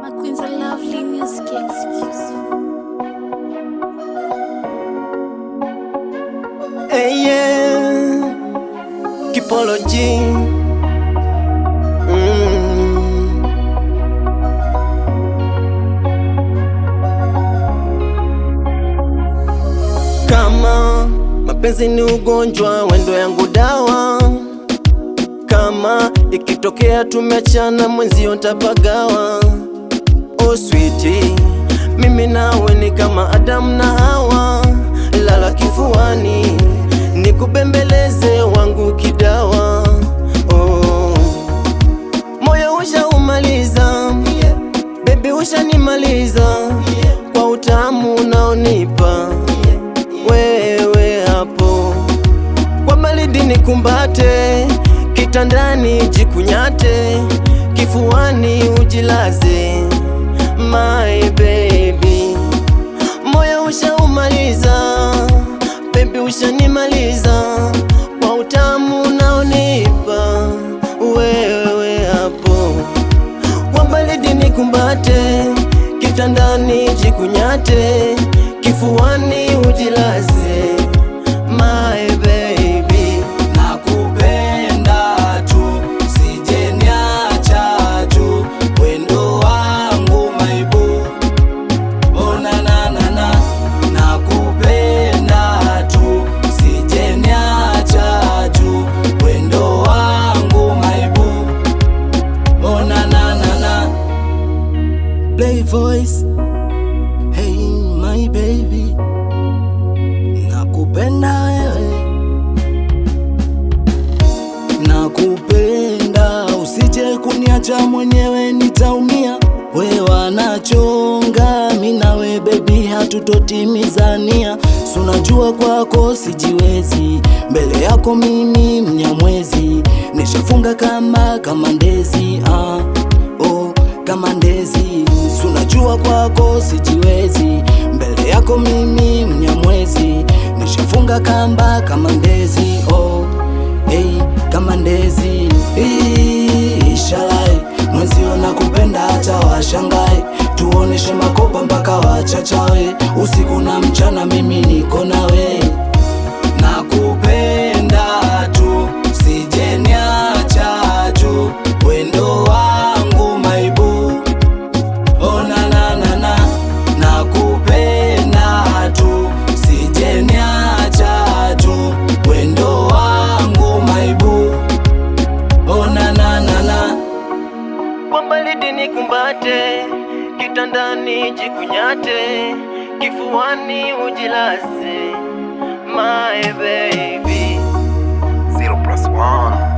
My queens mm. mapenzi ni ugonjwa, wendo yangu dawa kama ikitokea tumechana mwenzio ntapagawa yako mimi nawe ni kama Adamu na Hawa, lala kifuani nikubembeleze wangu kidawa. Oh, moyo ushaumaliza bebi, ushanimaliza kwa utamu unaonipa wewe hapo, kwa baridi nikumbate, kitandani jikunyate my baby, moyo ushaumaliza, baby ushanimaliza kwa utamu unaonipa wewe hapo, wabalidi nikumbate, kitandani jikunyate, kifuani ujilaze voice. Hey my baby, nakupenda wewe, nakupenda, usije kuniacha mwenyewe, nitaumia. wewe wanachonga na wewe bebi, hatutotimizania. Sunajua kwako sijiwezi, mbele yako mimi mnyamwezi, nishafunga kama kama ndezi kama ndezi, sunajua kwako sijiwezi, mbele yako mimi mnyamwezi, nishafunga kamba kama ndezi, oh, hey, kama ndezi ishalai mwenzio na kupenda hata washangae, tuoneshe makopa mpaka wachachawe, usiku na mchana mimi niko nawe Baridi nikumbate, kitandani jikunyate, kifuani ujilaze, my baby. Zero plus one.